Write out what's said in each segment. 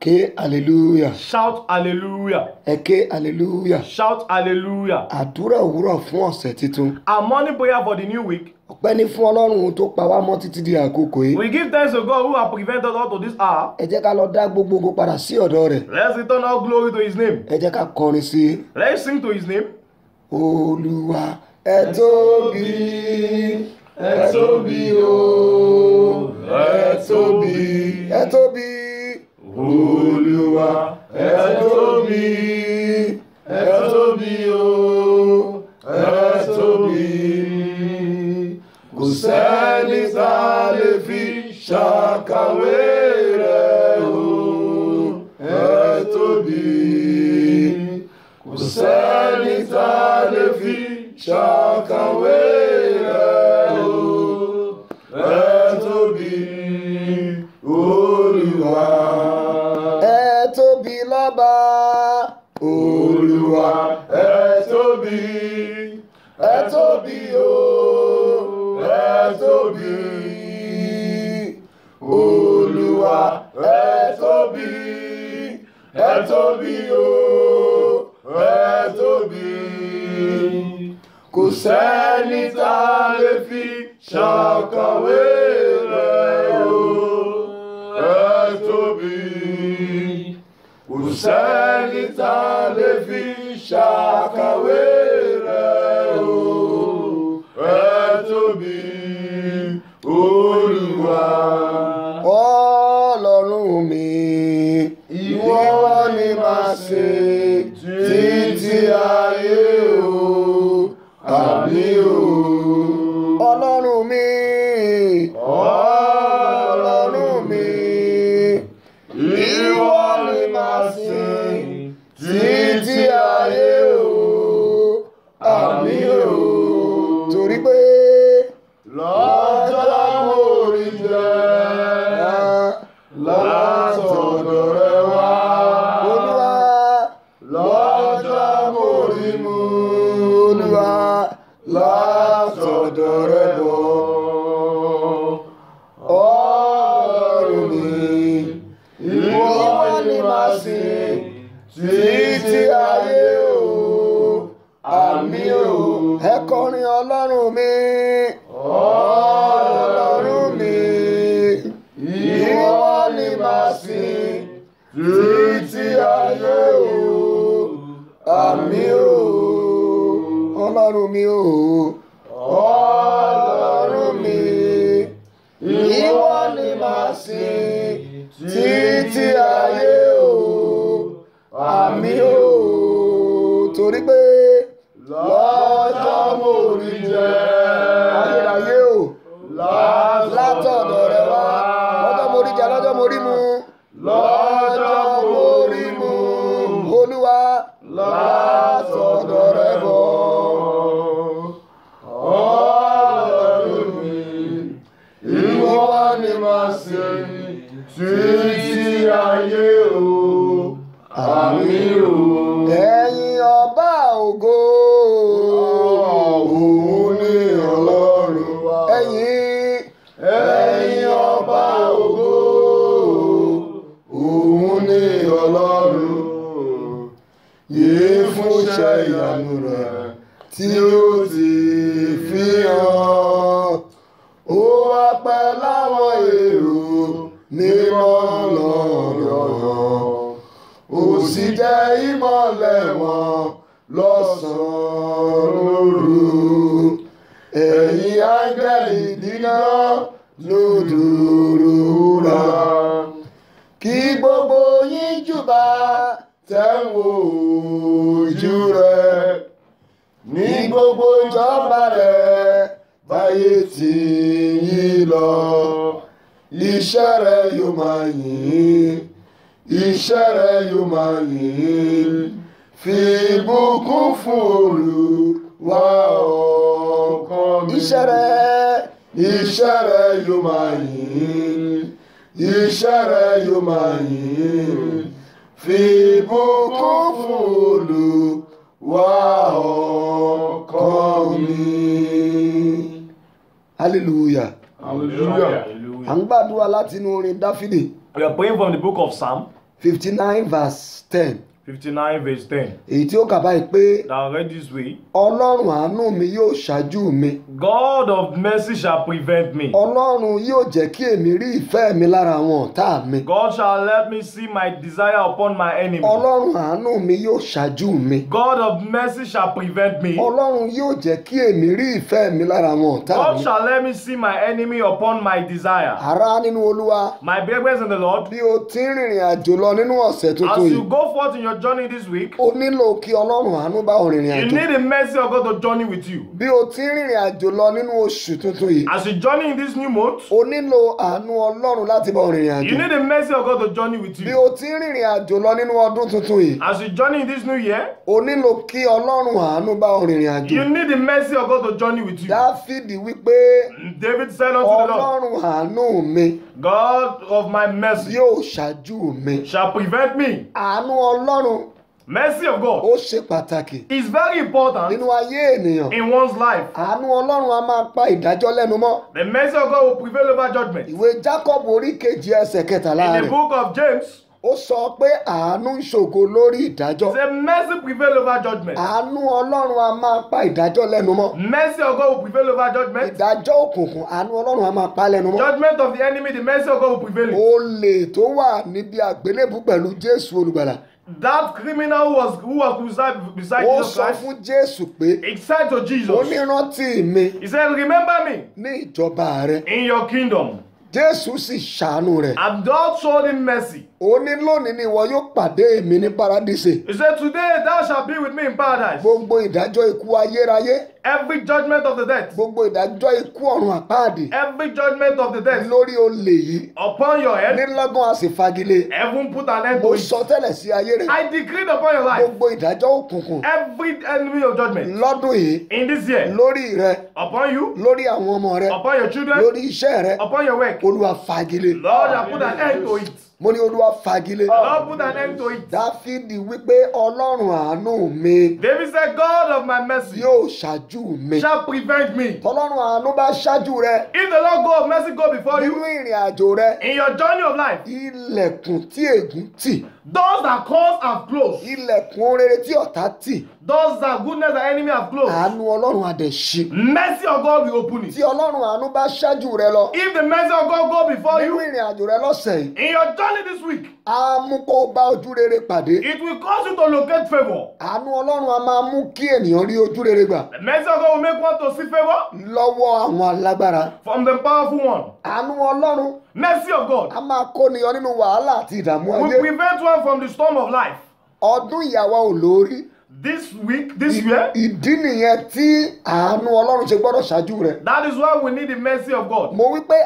Ké hallelujah. Shout hallelujah. Ẹ ké Shout hallelujah. Àdúrà òwúrọ̀ fún ọ̀sẹ̀ tuntun. Our morning prayer for the new week. Ọpẹ́ ni fún Ọlọ́run tó pa wá mọ́ títí di àkókò yìí. We give thanks to God who has prevented us to this hour. Ẹ jẹ́ ká lọ dá gbogbogbò padà sí ọ̀dọ̀ rẹ̀. Let's return all glory to his name. Ẹ jẹ́ ká kọrin sí i. Let's sing to his name. Olúwa ẹ tóbi ẹ tóbi o ẹ tóbi ẹ tóbi. olúwa ẹ tóbi ẹ tóbi o ẹ tóbi kò sẹ́ni tá a lè fi ṣàkàwé rẹ̀ o ẹ tóbi kò sẹ́ni tá a lè fi ṣàkàwé rẹ̀. ọlọ́run mi o. iṣẹ́ ìyanu rẹ̀ tí ó ti fi hàn. Ó wá pẹ́ láwọn èrò ní mọ́nà Ó sì jẹ́ ìmọ̀lẹ̀ wọn lọ́sàn-án lóru. Ẹ̀yin áńgẹ́lì dínà lódùrúra. Kí gbogbo yín júbà tẹ́wọ̀ ojú rẹ̀ ní gbogbo ìjọba rẹ̀ báyé ti yí lọ iṣẹ́ rẹ̀ yóò máa yìn iṣẹ́ rẹ̀ yóò máa yìn fi ìbùkún fún Olúwa ọkọ mi iṣẹ́ rẹ̀ iṣẹ́ rẹ̀ yóò máa yìn iṣẹ́ rẹ̀ yóò máa yìn fìbò kún fún Olúwa ọkọ mi. hallelujah. hallelujah. à ń gbàdúrà láti inú orin dáfídì. we are praying from the book of Psalm. fifty nine verse ten fifty nine verse ten. èyí tí ó kà báyìí pé. read this way. ọlọ́run àánú mi yóò ṣáájú mi. God of mercy shall prevent me. ọlọ́run yóò jẹ́ kí èmi rí ìfẹ́ mi lára àwọn ọ̀tá mi. God shall help me see my desire upon my enemy. ọlọ́run àánú mi yóò ṣáájú mi. God of mercy shall prevent me. ọlọ́run yóò jẹ́ kí èmi rí ìfẹ́ mi lára àwọn ọ̀tá mi. God shall help me see my enemy upon my desire. ará nínú olúwa. my brethren in the Lord. bí o ti ń rìnrìn àjò lọ nínú ọ̀sẹ̀ tuntun yìí. as you go forth in your your journey this week. o nílò kí ọlọ́run àánú bá ọ àjò. you need the mercy of God to journey with you. bí o ti rìnrìn àjò lọ nínú oṣù tuntun yìí. as you journey in this new month. o nílò àánú ọlọ́run láti bá ọ àjò. you need the mercy of God to journey with you. bí o ti rìnrìn àjò lọ nínú ọdún tuntun yìí. as you journey in this new year. o nílò kí ọlọ́run àánú bá ọ àjò. you need the mercy of God to journey with you. dáfídì wípé. David said unto the Lord. ọlọ́run àánú mi. God of my mercy. Yóò ṣáájú mi. Shall prevent me. Àánú Ọlọ́run. Mercy of God. Ó ṣe pàtàkì. It's very important. Nínú ayé ènìyàn. In one's life. Àánú Ọlọ́run a máa pa ìdájọ́ lẹ́nu mọ́. The mercy of God will prevail over judgment. Ìwé Jacob orí kejì ẹsẹ̀ kẹtàlá rẹ̀. In the book of James ó sọ pé àánú ń ṣògo lórí ìdájọ́. say mercy prevail over judgment. àánú ọlọ́run a máa pa ìdájọ́ lẹ́nu mọ́. mercy of God will prevail over judgment. ìdájọ́ òkùnkùn àánú ọlọ́run a máa pa lẹ́nu mọ́. judgment of the enemy the mercy of God will prevail. olè tó wà níbi àgbélébù pẹ̀lú jésù olùgbàlà. That criminal who was who was beside beside Jesus Christ. Ó sọ fún Jésù pé. He to Jesus. Ó ní rántí mi. He said remember me. Ní ìjọba rẹ. In your kingdom. Jésù sì ṣàánú rẹ̀. And God showed him mercy ó ní lónìí ni ìwọ yóò pàdé mi ní paradise. he said today thou shalt be with me in paradise. gbogbo ìdájọ́ ikú ayérayé. every judgment of the dead. gbogbo ìdájọ́ ikú ọ̀run àpáàdì. every judgment of the dead. lórí olè yìí. upon your head. nílọ́gán a sì fagilé. heaven put an end to it. mo sọ tẹ́lẹ̀ sí ayé rẹ. I decreed upon your life. gbogbo ìdájọ́ òkùnkùn. every enemy of judgment. lọ́dún yìí. in this year. lórí rẹ. upon you. lórí àwọn ọmọ rẹ. upon your children. lórí iṣẹ́ rẹ. upon your work. olúwa fagilé. Lord, I put an end to it mo ní olúwa fagilé. Lord put an end Dáfídì wípé ọlọ́run àánú mi. David said God of my mercy. Yóò ṣáájú mi. Shall prevent me. Tọ́lọ́run àánú bá ṣáájú rẹ. If the Lord God of mercy go before you. Nínú ìrìn àjò rẹ. In your journey of life. Ilẹ̀kùn tí ègún tì. Those that cause have closed. ilẹ̀kùn rere tí ọ̀tá tì. doors that goodness and enemy have closed. àánú ọlọ́run á mercy of God will open it. tí ọlọ́run àánú bá ṣáájú rẹ lọ. if the mercy of God go before you. nínú ìrìn àjò rẹ lọ́sẹ̀ yìí. in your journey this week. á mú kó o bá ojú rere pàdé. it will cause you to locate favour. àánú ọlọ́run á máa mú kí ènìyàn rí ojú rere gbà. the mercy of God will make one to see favour. lọ́wọ́ àwọn alágbára. from the powerful one àánú ọlọ́run. mercy of God. a máa kó ni yọ nínú wàhálà àti ìdààmú ayé. will prevent one from the storm of life. ọdún ìyàwó olórí this week this year. ìdí nìyẹn tí àánú ọlọ́run ṣe gbọ́dọ̀ ṣáájú rẹ̀. that is why we need the mercy of God. mo wí pé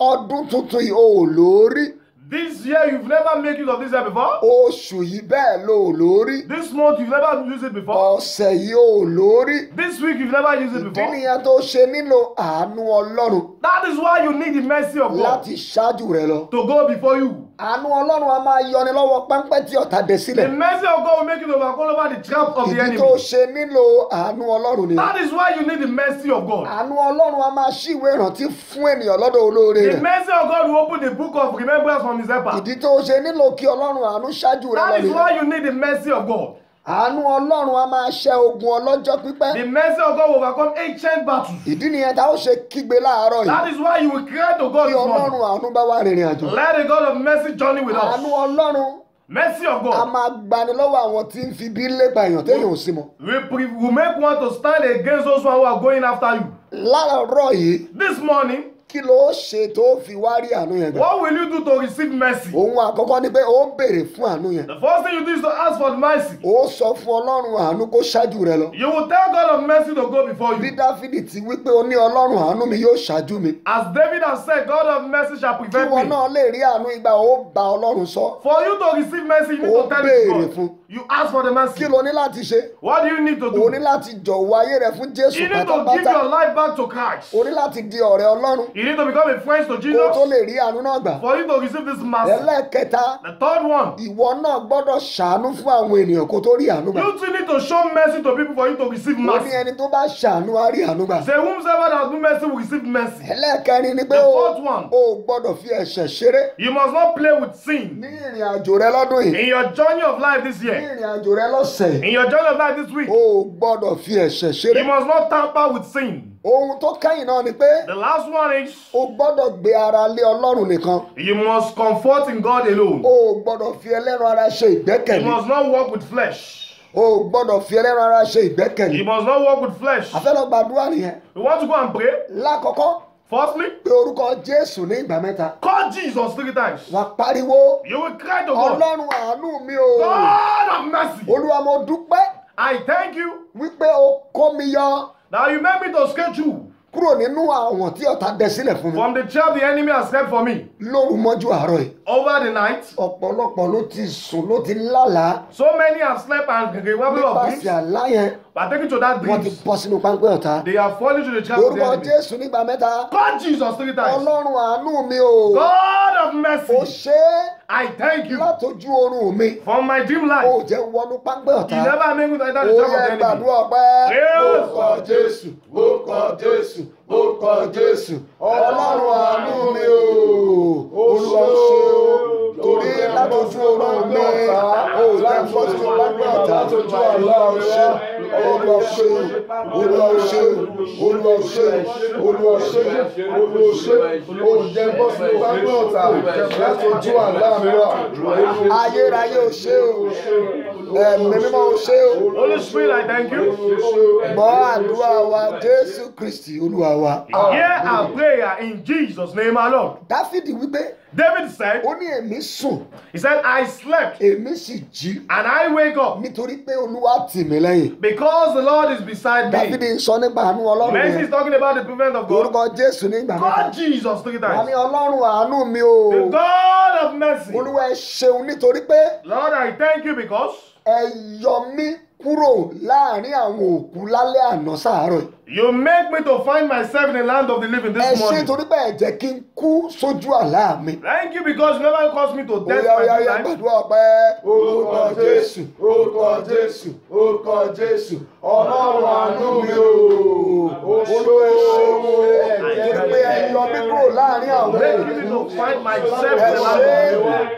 ọdún tuntun yìí o this year you never made use of this year before. oṣù yìí bẹ́ẹ̀ lo ò this month you never used it before. ọ̀sẹ̀ yìí o this week you never used it before. ìdí nìyẹn tó ṣe nílò àánú ọlọ́run that is why you need the mercy of God. láti ṣáájú rẹ lọ. to go before you. àánú ọlọ́run a máa yọni lọ́wọ́ páńpẹ́ tí ọ̀tá dé sílẹ̀. the mercy of God will make you overcome over the trap of the enemy. ìdí tó ṣe nílò àánú ọlọ́run ni. that is why you need the mercy of God. àánú ọlọ́run a máa ṣí ìwé ìrántí fún ènìyàn lọ́dọ̀ olóore rẹ̀. the mercy of God will open the book of remembrance from his helper. ìdí tó ṣe nílò kí ọlọ́run àánú ṣáájú rẹ lọ. that is why you need the mercy of God àánú ọlọ́run a máa ṣẹ́ ogun ọlọ́jọ́ pípẹ́. the mercy of God will overcome ancient battles. ìdí nìyẹn tá a ó ṣe kígbe láàárọ̀ yìí. that is why you will cry to God this morning. kí ọlọ́run àánú bá wá rìnrìn àjò. let the God of mercy journey with us. àánú ọlọ́run. mercy of God. a máa gbani lọ́wọ́ àwọn tí ń fi bí lépa èèyàn téèyàn ò sí mọ́. we will make one to stand against those who are going after you. láàárọ̀ yìí. this morning kí ló ṣe tó fi wá rí àánú yẹn gbà. what will you do to receive mercy. ohun àkọ́kọ́ ni pé o ń béèrè fún àánú yẹn. the first thing you do is to ask for mercy. o sọ fún ọlọ́run àánú kó ṣáájú rẹ lọ. you will tell God of mercy to go before you. bí dáfídì ti wí pé o ní ọlọ́run àánú mi yóò ṣáájú mi. as David has said God of mercy shall prevent me. kí wọn náà lè rí àánú ìgbà o bá ọlọ́run sọ. for you to receive mercy you need to tell him God. o béèrè fún. you ask for the mercy. kí lo ní láti ṣe. what do you need to do. o ní láti jọ̀wọ́ ayé rẹ fún Jésù pátápátá. you need to give your life back to Christ. o ní láti di ọ̀rẹ́ ọlọ́run. You need to become a friend to Jesus. Kó tó lè rí àánú náà gbà. For you to receive this mercy. Ẹlẹ́kẹta. The third one. Ìwọ náà gbọ́dọ̀ ṣàánú fún àwọn ènìyàn kó tó rí àánú gbà. You too need to show mercy to people for you to receive mercy. Ó ní ẹni tó bá ṣàánú á rí àánú gbà. Say whomsoever that do mercy will receive mercy. Ẹlẹ́kẹrin ni pé o. The fourth one. O gbọ́dọ̀ fi ẹ̀ṣẹ̀ ṣeré. You must not play with sin. Ní ìrìn àjò rẹ lọ́dún yìí. In your journey of life this year. Ní ìrìn àjò rẹ lọ́sẹ̀. In your journey of life this week. O gbọ́dọ̀ fi ẹ̀ṣẹ̀ ṣeré. You must not tamper with sin ohun tó kẹ́yìn náà ni pé. the last one is. o gbọ́dọ̀ gbé ara lé Ọlọ́run nìkan. you must comfort in God alone. o gbọ́dọ̀ fi ẹlẹ́ran ara ṣe ìgbẹ́kẹ̀lé. you must not work with flesh o gbọ́dọ̀ fi ẹlẹ́ran ara ṣe ìgbẹ́kẹ̀lé. you must not work with flesh. a fẹ́ lọ gbàdúrà nìyẹn. you want to go and pray. lákọ̀ọ́kọ́. firstly. pe orúkọ jésù ní ìgbà mẹ́ta. call Jesus three times. wà pariwo. you will cry to God. ọlọ́run àánú mi o. God of mercy. olúwa mo dúpẹ́. I thank you. wípé o kó mi yọ. Now you made me to schedule. Kúrò nínú àwọn tí ọ̀tá dẹ sílẹ̀ fún mi. From the chair, the enemy has set for me. Lóru mọ́jú àárọ̀ yìí. Over the night. Ọ̀pọ̀lọpọ̀ ló ti sùn ló ti lálàá. So many have slept and gègé wábìlì of dreams. Nípasẹ̀ àlá yẹn. But taking to that Wọ́n ti bọ́ sínú páńpẹ́ ọ̀tá. They are falling to the chair. of the enemy. Lórúkọ Jésù nígbà mẹ́ta. God Jesus three times. Ọlọ́run àánú mi o. God of mercy. Ó ṣe é. I thank you. Látọjú oorun mi. From my dream life. O jẹ́ wọnú pápẹ́ ọ̀tá. You never make me to enter the church of the enemy. O yẹ gbàdúrà pẹ́. Orúkọ Jésù, orúkọ Jésù, orúkọ Jésù. Ọlọ́run àánú mi o. Olúwa ṣe o torí látọjú oorun mi. O jẹ́ wọnú pápẹ́ ọ̀tá. Látọjú ọ̀la ọ̀ṣẹ́ olúwa ṣe olúwa ṣe olúwa ṣe olúwa ṣe olúwa ṣe oúnjẹ bọ́ sí ìbámu ọ̀tá láti ojú àlá mi wá ayérayé ò ṣe o ẹ̀mí mímọ́ o ṣé Holy Spirit, I thank you. Gbọ́ àdúrà wa Jésù Kristì Olúwa wa. Hear our prayer in Jesus' name our Lord. Dáfídì wípé. David said. Only a èmi He said I slept. a sì And I wake up. Nítorí pé Olúwa tì mí lẹ́yìn. Because the Lord is beside me. David ń sọ nípa àánú Ọlọ́run yẹn. Mercy is talking about the providence of God. God, Jesus, ní God Jesus three times. Wà ní Ọlọ́run àánú mi o. The God of mercy. Olúwa she, ṣeun repay. Lord I thank you because ẹ yọ mí kúrò láàrin àwọn òkú lálẹ́ àná sàárọ̀ You make me to find myself in the land of the living this morning. Ẹ ṣé torí bẹ́ẹ̀ jẹ́ kí n kú sójú àlá mi. Thank you because you never caused me to death my life. Oya oya gbàdúrà pẹ́. Orúkọ Jésù, orúkọ Jésù, orúkọ Jésù, Ọlọ́run àánú mi o. Olóòwò ẹ̀jẹ̀ pé ẹ yọ mí kúrò láàrin àwọn òkú. Make me to find myself in the land of the living.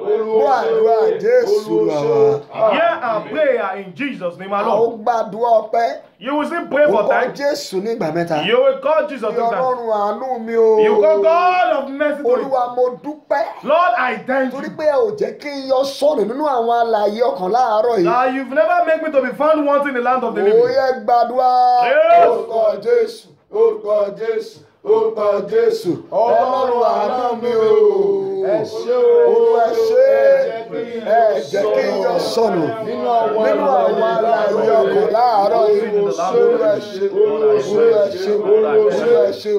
Olúwa àdúrà Jésù lọ́wọ́. Hear our prayer in Jesus name alone. Àwọn gbàdúrà ọpẹ́. You will still pray for time. O kọ Jésù ní ìgbà You will call Jesus ní ìgbà. Ọlọ́run àánú mi o. You call God of mercy to me. Olúwa mo dúpẹ́. Lord I thank you. Torí pé ò jẹ́ kí n yọ sọ̀rọ̀ nínú àwọn àlàyé ọkàn láàárọ̀ yìí. Now you never make me to be found wanting in the land of the living. Ó yẹ gbàdúrà. Orúkọ Jésù. Orúkọ Jésù. Orúkọ Jésù. Ọlọ́run àánú mi o. Ẹ ṣé o. Yeah. Hey. jẹ́ kí iyọ̀ sọnù nínú àwọn aláìní ọkọ̀ láàárọ̀ yìí olúwa ṣe olúwa ṣe olúwa ṣe olúwa ṣe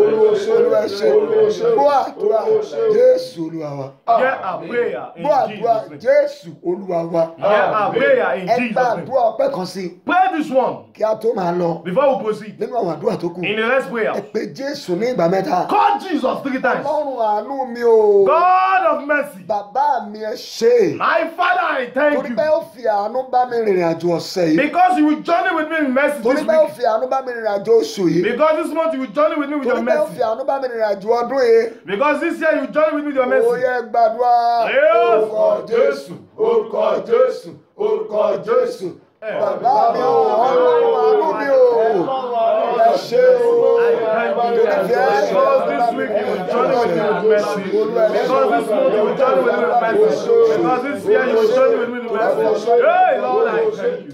olúwa ṣe olúwa ṣe gbọ́ àdúrà jésù olúwa wa gbọ́ àdúrà jésù olúwa wa ẹ gba àdúrà ọpẹ́ kan sí. pray this one. kí a tó máa lọ. before we proceed. nínú àwọn àdúrà tó kù. in the next prayer. ẹ pe jésù ní ìgbà mẹ́ta. call Jesus three times. ọlọ́run àánú mi o. God of mercy mercy. Bàbá mi ẹ ṣé. My father I thank you. Torí ó fi àánú bá mi rìnrìn àjò ọ̀sẹ̀ yìí. Because you will journey with me in mercy this week. Torí ó fi àánú bá mi rìnrìn àjò oṣù yìí. Because this month you will journey with me with your mercy. Torí ó fi àánú bá mi rìnrìn àjò ọdún yìí. Because this year you journey with me with your mercy. Ó yẹ gbàdúrà. Orúkọ Jésù, orúkọ Jésù, orúkọ Jésù. Bàbá mi ò, ọlọ́run àánú mi ò. Because this week you will journey with me with mercy. Because this month you will journey with me with mercy. Because this year you will journey with me with mercy. Hey, Lord, I thank you.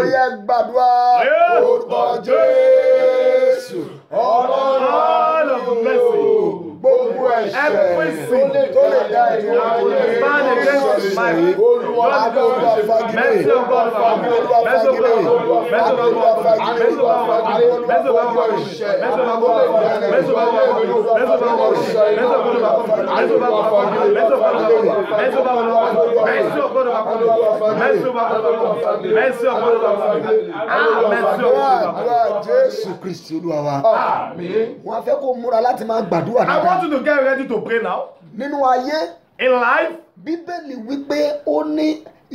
ó yẹ gbàdúrà orúkọ Jésù ọlọ́run ló gbogbo ẹ̀ṣẹ̀ tó lè dá ìlú ayé olúwa adéwà fagilé olúwa fagilé olúwa fagilé olúwa fagilé olúwa fagilé gbogbo ẹ̀ṣẹ̀ tó lè dá ìlú ayé olúwa fagilé olúwa fagilé olúwa fagilé olúwa fagilé Jésù Kristi olúwa wa. Wọ́n fẹ́ kó múra láti máa gbàdúrà náà want you to get ready to pray now. nínú ayé. in life. bíbélì wípé ó ní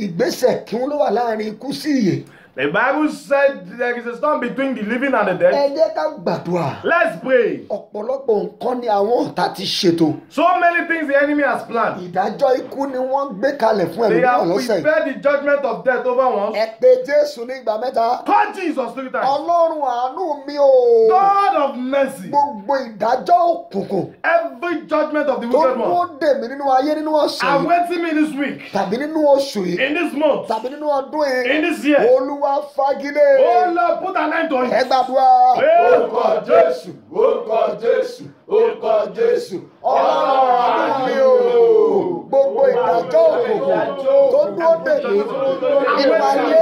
ìgbésẹ̀ kí wọ́n ló wà láàrin ikú sí ìyè. The Bible said there is a storm between the living and the dead. Ẹ jẹ́ ká gbàdúrà. Let's pray. Ọ̀pọ̀lọpọ̀ nǹkan ni àwọn ọ̀tá ti ṣètò. So many things the enemy has planned. Ìdájọ́ ikú ni wọ́n gbé kalẹ̀ fún ẹ̀mí náà lọ́sẹ̀. They have prepared the judgment of death over once. Ẹ pe Jésù ní ìgbà mẹ́ta. Call Jesus three times. Ọlọ́run àánú mi o. God of mercy. Gbogbo ìdájọ́ òkùnkùn. Every judgment of the wicked one. Tó dúró dè mí nínú ayé nínú ọ̀sẹ̀ yìí. I'm me this week. Tàbí nínú oṣù yìí. In this month. Tàbí nínú ọdún yìí. In this year. Olúwa bá fagilé. ó lọ put an end to it. ẹ gbàdúrà. orúkọ jésù orúkọ jésù orúkọ jésù ọlọ́run àánú mi o gbogbo ìdájọ́ òkùnkùn tó dúró dè mí nípa ilé.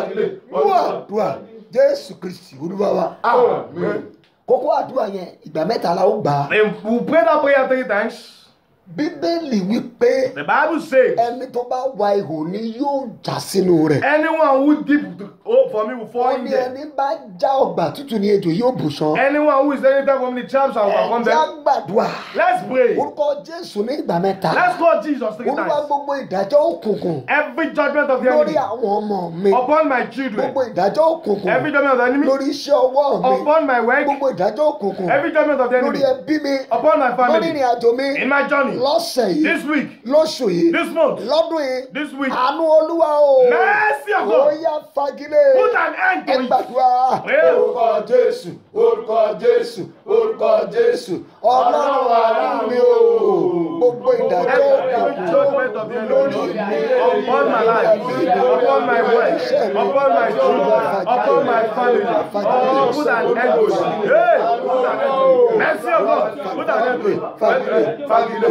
àdúrà jésù kristi olúwa wa kókó àdúrà yẹn ìgbà mẹ́ta la ó gbà. we pray that prayer three times bíbélì wípé. the bible says. ẹni tó bá wa ihò ni yóò já sínú rẹ̀. anyone who deep hope for me will fall in there. ẹni bá já ọgbà tútù ní ejò yóò bù sàn. anyone who is any type of traps and will come there. ẹja gbàdúrà. let's pray. orúkọ jésù ní ìgbà mẹ́ta. let's call jesus three times. olúwa gbogbo ìdájọ́ òkùnkùn. every judgment of the enemy. lórí àwọn ọmọ mi. upon my children. gbogbo ìdájọ́ òkùnkùn. every judgment of the enemy. lórí iṣẹ́ ọwọ́ mi. upon my work. gbogbo ìdájọ́ òkùnkùn. every judgment of the enemy. lórí ẹbí mi. upon my family. lórí ìrìn àjò mi. in my journey lọ́sẹ̀ yìí this week lóṣù yìí this month lọ́dún yìí this week àánú olúwa o mercy of ó yá fagilé put an end to it ẹgbàdúrà orúkọ jésù orúkọ jésù orúkọ jésù ọlọ́run àánú mi o gbogbo ìdájọ́ òkùnkùn lórí mi upon my life upon my wife upon my children upon my family oh put an end to it hey put an end to it mercy of God put an end to it fagilé fagilé.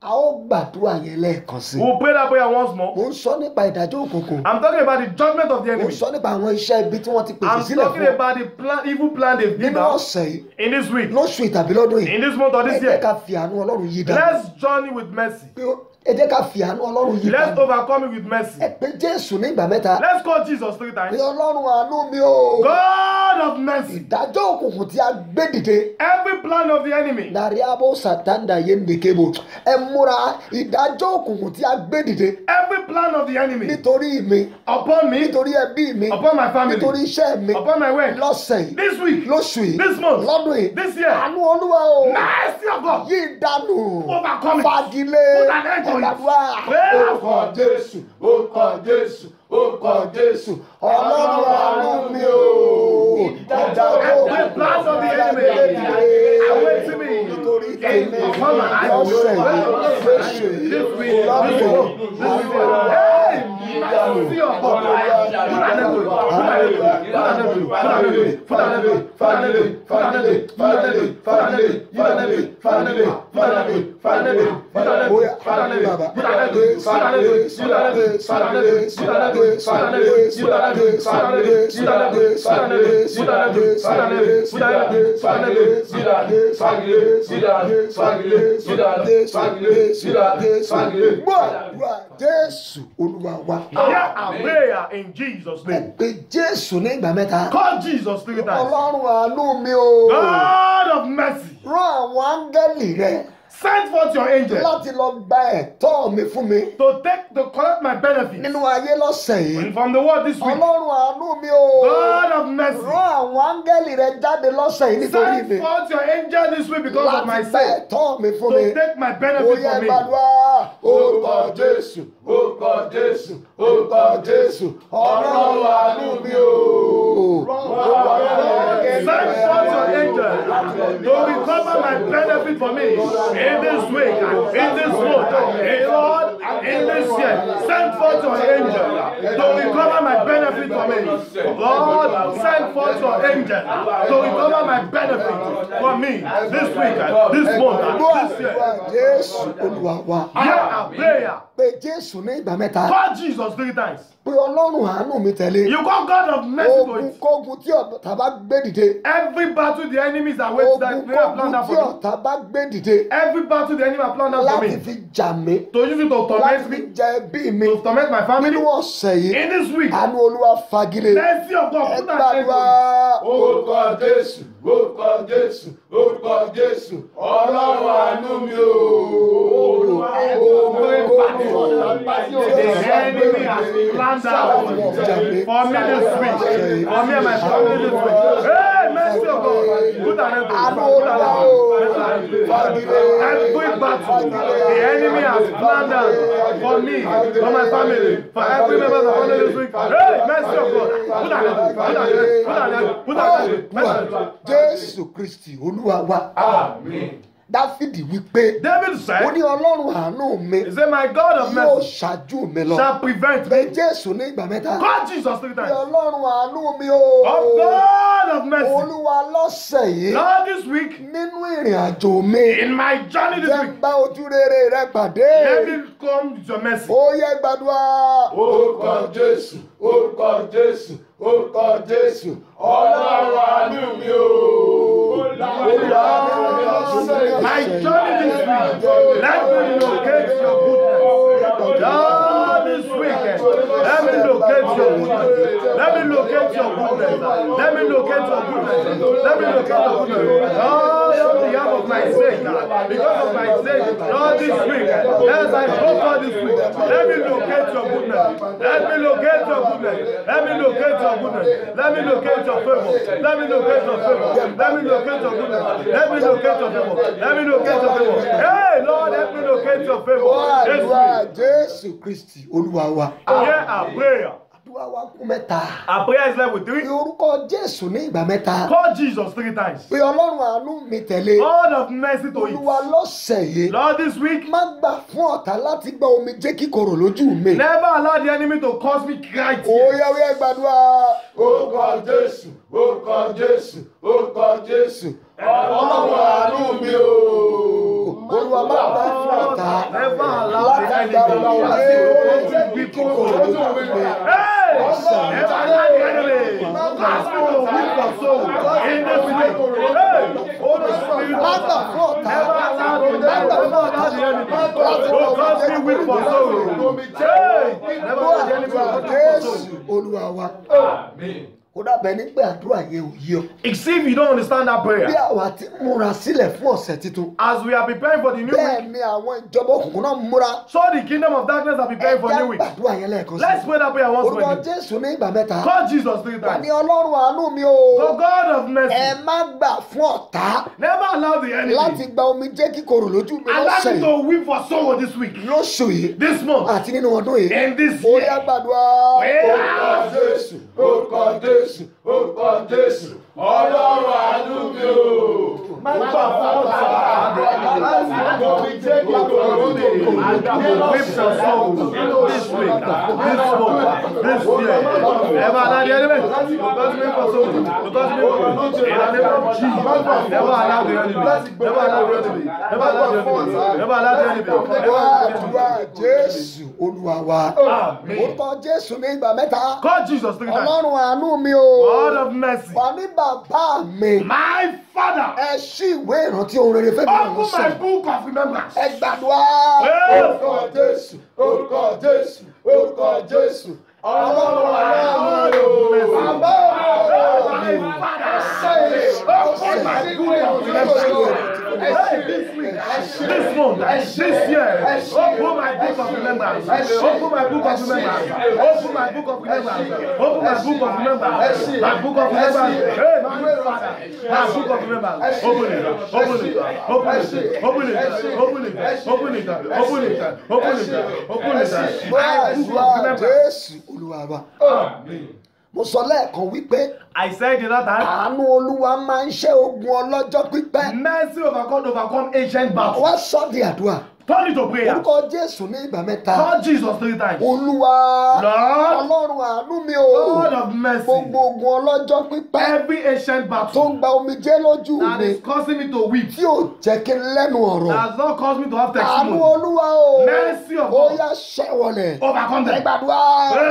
a ó gbàdúrà yẹn lẹ́ẹ̀kan sí. we pray that prayer once more. mo ń sọ nípa ìdájọ́ òkùnkùn. I'm talking about the judgment of the enemy. mo ń sọ nípa àwọn iṣẹ́ ibi tí wọ́n ti pèsè sílẹ̀ fún. I'm talking about the plan evil plan they give out. nínú ọ̀sẹ̀ yìí. in this week. lóṣù tàbí lọ́dún yìí. in this month or this year. ẹ jẹ́ ká fi àánú Ọlọ́run yí dáa. let's journey with mercy ẹ jẹ́ ká fi àánú ọlọ́run yìí. let's overcome it with mercy. ẹ jésù ní ìgbà mẹ́ta. let's call Jesus three times. ní ọlọ́run àánú mi o. God of mercy. ìdájọ́ òkùnkùn tí a gbé dìde. every plan of the enemy. nàrí abó sàtàndà yé ndèkébò ẹ múra ìdájọ́ òkùnkùn tí a gbé dìde. every plan of the enemy. nítorí mi. upon me. nítorí ẹbí mi. upon my family. nítorí iṣẹ́ mi. upon my work. lọ́sẹ̀ yìí. this week. lóṣù yìí. this month. lọ́dún yìí. this year. àánú olúwa o. mercy of God. yí ìdánù. overcome it. fagilé pour la gloire. Au kọ Jésù, ó kọ Jésù, ó kọ Jésù. Ọlọ́run àánú mi o. Ìdájọ́ òkú ìdájọ́ òkú nítorí èmi lọ́sẹ̀ yìí. Fèsì, kò lábẹ́ òkú. Jésù Olúwa wa wa. Hear our prayer in Jesus name. Ẹ pe Jésù ní ìgbà mẹ́ta. Call Jesus three times. Ọlọ́run àánú mi o. God of mercy. Rán àwọn áńgẹ́lì rẹ̀. Send forth your angel. Láti lọ gba ẹ̀tọ́ mi fún mi. To take to collect my benefit. Nínú ayé lọ́sẹ̀ yìí. From the world this week. Ọlọ́run àánú mi o. God of mercy. Rán àwọn áńgẹ́lì rẹ jáde lọ́sẹ̀ yìí nítorí mi. Send forth your angel this week because Láti of my sin. Láti gba ẹ̀tọ́ mi fún mi. To take my benefit for me. Oyè gbàdúrà ó tọ́ Jésù orúkọ jésù orúkọ jésù ọ̀rọ̀ wà nù mí o. Send forth your angel to recover my benefit for me in this week, and in this month, in Lord in this year. Send forth your angel to recover my benefit from me. Lord, send forth your angel to recover my benefit for me this week, this month, this year. Jésù Olúwa wa. Hear our prayer. Pè Jésù ní ìgbà mẹ́ta. Call Jesus three times pé ọlọ́run àánú mi tẹ̀lé. you call God of mercy to it. ogun kógun tí ọ̀tá bá gbé dìde. every battle the enemies are waiting that prayer plunder for me. ogun kógun tí ọ̀tá bá gbé dìde. every battle the enemy plunder for me. láti fi jà mí. to use it to torment me. láti fi jẹ ẹbí mi. to torment my family. nínú ọ̀sẹ̀ yìí. in this week. àánú olúwa fagilé. mercy of God put that table. ẹ gbàdúrà. orúkọ orúkọ jésù orúkọ jésù ọlọ́run àánú mi o. Owó ìpàdé ọ̀nà ìpàdé Every battle the enemy has planned for me, for my family, for every member of the family this week. Hey, mercy of God. Jésù Kristi Olúwa wa. amen dáfídì wípé. david said. ó ní ọlọ́run àánú mi. he said my God of mercy. yóò ṣáájú mi lọ. shall prevent me. bẹ jésù ní ìgbà mẹ́ta. call Jesus three times. ní ọlọ́run àánú mi o. of God of mercy. olúwa lọ́sẹ̀ yìí. lord this week. nínú ìrìn àjò mi. in my journey this week. jẹ́ ojú rere rẹ pàdé. let me come with your mercy. ó yẹ gbàdúrà. orúkọ jésù orúkọ jésù orúkọ jésù ọlọ́run àánú mi o. My journey this week, let me locate your goodness. Down this weekend, let me locate your goodness. Let me locate your goodness. Let me locate your goodness. Let me locate your goodness. All on behalf of my sake, because of my sake, all this weekend, as I hope for this week, let me locate Let me locate your goodness. Let me locate your goodness. Let me locate your favor. Let me locate your favor. Let me locate your goodness. Let me locate your favor. Let me locate your favor. Hey Lord, let me locate your favor. Jésù Kristi Olúwa wa. Hear our prayer. Olúwa wa kú mẹ́ta. Our prayer is level three. Pe orúkọ Jésù ní ìgbà mẹ́ta. Call Jesus three times. Pe Ọlọ́run àánú mi tẹ̀lé. God of mercy to it. Olúwa lọ́sẹ̀ yìí. Lord this week. Má gbà fún ọ̀tá láti gba omijé kíkorò lójú mi. Never allow the enemy to cause me cry tears. Oya oya gbàdúrà. Orúkọ Jésù, orúkọ Jésù, orúkọ Jésù. Ọlọ́run àánú mi ooo olùwà bá bá fún ọ̀tá látàgbà ọ̀la òde ojú bí kò lójú mi gospel with the soul. In the spirit. Holy Spirit. Mata frota. Mata frota. Because he with the soul. Never let anybody. Olúwa wa. Amen ó dábẹ́ nígbà àdúrà yẹn ò yé ọ. if you don't understand that prayer. bí àwa ti múra sílẹ̀ fún ọ̀sẹ̀ titun. as we are preparing for the new week. bẹ́ẹ̀ ni àwọn ìjọba òkùnkùn náà múra. so the kingdom of darkness are preparing for new week. ẹ̀jẹ̀ àdúrà yẹn lẹ́ẹ̀kan sí. let's pray that prayer once more. orúkọ jésù ní ìgbà mẹ́ta. call jesus three times. wà ọlọ́run àánú mi o. the god of mercy. ẹ má gbà fún ọ̀tá. never allow the enemy. láti gba omi jẹ́ kíkorò lójú mi lọ́sẹ̀ yìí. allow me to weep for sorrow this week. this month. in this year orúkọ Jésù orúkọ Jésù ọlọ́run àánú mi o má gbà fún ọ̀sán láti gbọ́ mi jẹ́ kí ọ̀rọ̀ mi lè whip your soul this week this month this year ẹ̀fọ́ aláàdé ẹ̀dẹ́gbẹ̀ lọ́sí mi fọ́ sóòlù lọ́sí mi fọ́ lójú ìlànà jì ẹ̀fọ́ aláàdé ẹ̀dẹ́gbẹ̀ ẹ̀fọ́ aláàdé ẹ̀dẹ́gbẹ̀ ẹ̀fọ́ aláàdé ẹ̀dẹ́gbẹ̀ ẹ̀fọ́ aláàdé ẹ̀dẹ́gbẹ̀. àdúrà jésù olúwa wa orúkọ jésù mi gbà mẹ́ta kọ́ jesus three times ọlọ́run àánú mi o wà ní bá bàbá mi. my father. ẹ ṣí ìwé ìrántí ohun rere fẹ́mi ọ̀hún sọ. open my book of remembrance. ẹ gbàdúrà. orúkọ jésù orúkọ jésù orúkọ jésù. ọlọ́run àwọn ọ̀rọ̀ bàbá ọ̀rọ̀ mi. ọ̀sẹ̀ ọ̀sẹ̀ sí ìwé ìrántí ohun rere this month, this year, open my book of remembrance. Open my book of remembrance. Open my book of remembrance. Open my book of remembrance. My book of remembrance. my book of remembrance. Open it, open it, open it, open it, open it, open it, open it, open it, open it. My book of remembrance. Olúwa wa. Amen mo sọ lẹ́ẹ̀kan wípé. I said the that time. Àánú Olúwa máa ń ṣẹ́ ogun ọlọ́jọ́ pípẹ́. Mercy overcome overcome ancient battle. Wá sọ́ di àdúrà turn into prayer. orúkọ jésù ní ìgbà mẹ́ta. call jesus three times. olúwa. lord. ọlọ́run àánú mi o. lord of mercy. gbogbo ogun ọlọ́jọ́ pípẹ́. every ancient battle. tó ń gba omijé lójú mi. that is causing me to weep. tí ò jẹ́ kí n lẹ́nu ọ̀rọ̀. that has not caused me to have testimony. àánú olúwa o. mercy of God. ó yá ṣẹ́ wọlé. overcome them. ẹgbàdúrà.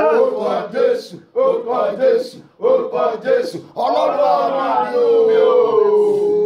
orúkọ jésù orúkọ jésù orúkọ jésù ọlọ́run àánú mi o.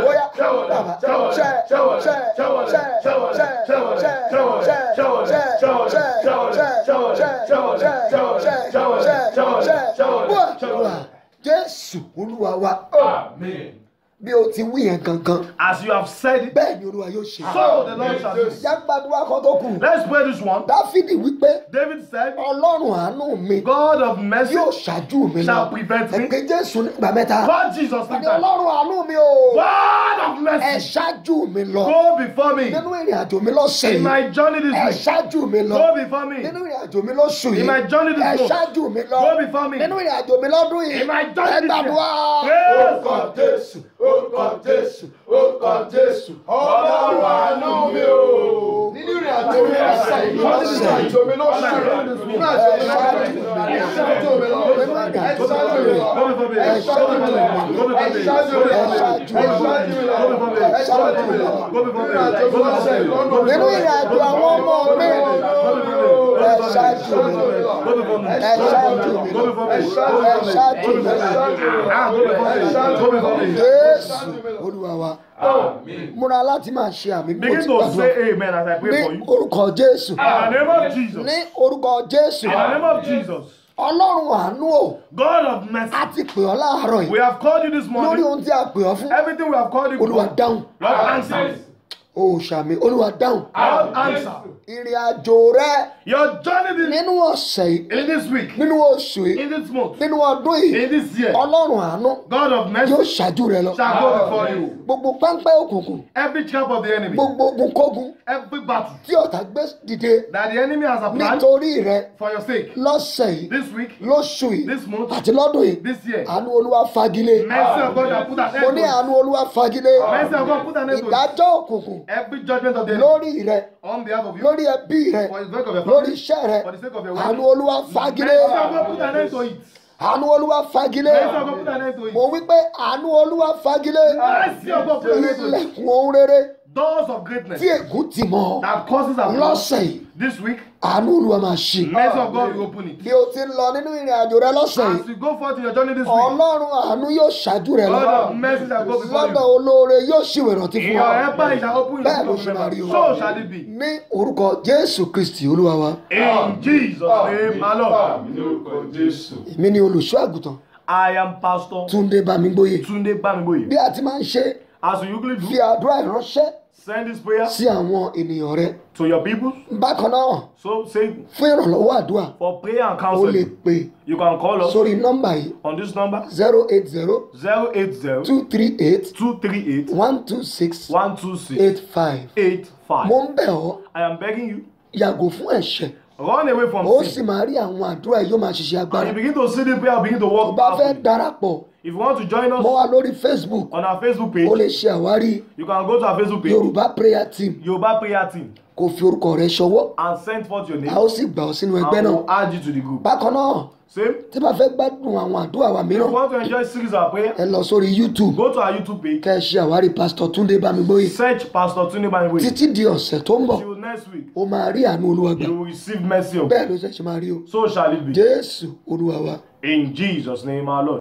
bóyá bàbá ṣe ṣe ṣe ṣe ṣe ṣe ṣe ṣe ṣe ṣe ṣe ṣe ṣe ṣe ṣe Jésù Olúwa wa. Amen bí o ti wí yẹn gangan. as you have said bẹ́ẹ̀ ni olúwa yóò ṣe. so the lord shall do. jágbádùn akọ́tọ́ kù. let's pray this one. dáfídì wípé. david said. ọlọ́run àánú mi. god of mercy. yóò ṣáájú mi lọ. shall prevent me. ẹ̀kẹ́ jésù nígbà mẹ́ta. god jesus nígbà mẹ́ta. ọlọ́run àánú mi o. god of mercy. ẹ ṣáájú mi lọ. go before me. nínú ìrìn àjò mi lọ́sẹ̀ yìí. in my journey this week. ẹ ṣáájú mi lọ. go before me. nínú ìrìn àjò mi lọ́sù yìí. in my journey this month. ẹ ṣáájú mi lọ. go before me. nínú ìrìn àjò mi lọ́dún yìí. in my journey this year. ẹ gbàdúrà. yes. orúkọ orúkọ jésù orúkọ jésù ọlọ́run àánú mi o. nínú ìrìn àjò mi àṣà ìlú ọ̀sẹ̀ ìjọ mi lọ́sẹ̀ ìrìn àjò mi lọ́sẹ̀ ìjọ mi lọ́sẹ̀ ga lórí ẹ ṣáájú mi lọ ẹ ṣáájú mi lọ ẹ ṣáájú mi lọ ẹ ṣáájú mi lọ nínú ìrìnàjò àwọn ọmọ mi ẹ ṣáájú mi lọ ẹ múra láti máa ṣe àmì bí mo ti gbàdúrà ní orúkọ Jésù ní orúkọ Jésù ọlọ́run àánú o. God of mercy. a ti pè ọ́ láàárọ̀ yìí. we have called you this morning. lórí ohun tí a pè ọ́ fún. everything we have called you for. olúwa dáhùn. Lord answer. o ṣàmì olúwa dáhùn. I have answer ìrìn àjò rẹ. your journey this. nínú ọ̀sẹ̀ yìí. in this week. nínú oṣù yìí. in this month. nínú ọdún yìí. in this year. ọlọ́run àánú. God of mercy. yóò ṣáájú rẹ lọ. shall go before you. gbogbo pẹ́ńpẹ́ òkùnkùn. every trap of the enemy. gbogbo ogunkógun. every battle. tí ọ̀tá gbé dìde. that the enemy has a plan. nítorí rẹ. for your sake. lọ́sẹ̀ yìí. this week. lóṣù yìí. this month. àti lọ́dún yìí. this year. àánú olúwa fagilé. mercy of God that put an end to it. mo ní àánú olúwa fagilé. mercy of God put an end to every judgment of the enemy. on behalf of you lórí ẹbí rẹ lórí iṣẹ́ rẹ àánú olúwa fagilé àánú olúwa fagilé mo wí pé àánú olúwa fagilé ilẹ̀kùn ohun rere doors of greatness. tí ègún ti that causes our loss. lọ́sẹ̀ yìí. this week. àánú olúwa máa ṣe. mercy of God will open it. bí o ti lọ nínú ìrìn àjò rẹ lọ́sẹ̀ yìí. as you go forth in your journey this week. ọlọ́run àánú yóò ṣáájú rẹ lọ. God of mercy shall go before you. lọ́dọ̀ olóore yóò ṣìwé rántí fún wa. your helper shall open your door for memory. so shall it be. ní orúkọ jésù kristi olúwa wa. in jesus name alone. ní orúkọ jésù. èmi ni olùṣọ́ àgùntàn. I am pastor. Túndé Bámigbóyè. Túndé Bámigbóyè. Bí a ti máa ń ṣe as you usually do. fi àdúrà ìránṣẹ́. send this prayer. sí àwọn ènìyàn rẹ. to your people. bákan náà. so say. fún ìrànlọ́wọ́ àdúrà. for prayer and counseling. o lè pè. you can call us. Sorry, number yìí. on this number. zero eight zero. zero eight zero. two three eight. two three eight. one two six. one two six. eight five. eight five. mo ń bẹ̀ ọ́. I am begging you. yàgò fún ẹ̀ṣẹ̀ run away from sin. ó sì máa rí àwọn àdúrà yóò máa ṣiṣẹ́ agbára. and you begin to see the prayer begin to work. ọba fẹ́ darapọ̀ if you want to join us. mo wà lórí facebook. on our facebook page. o lè ṣe àwárí. you can go to our facebook page. yorùbá prayer team. yorùbá prayer team. kò fi orúkọ rẹ ṣọwọ́. and send forth your name. a ó sì gbà ọ sínú ẹgbẹ́ náà. and we will add you to the group. bákan náà same. tí bá fẹ́ gbádùn àwọn àdúrà wa mìíràn. if you want to enjoy series of prayer. ẹ lọ sórí youtube. go to our youtube page. kẹ́ ṣe àwárí pastor Tunde Bámigbóyè. search pastor Tunde Bámigbóyè. títí di ọ̀sẹ̀ tó ń bọ̀. till next week. o máa rí àánú olúwa you will receive mercy of God. bẹ́ẹ̀ ló ṣe ṣe máa rí o. so shall it be. Jésù olúwa in Jesus name our lord.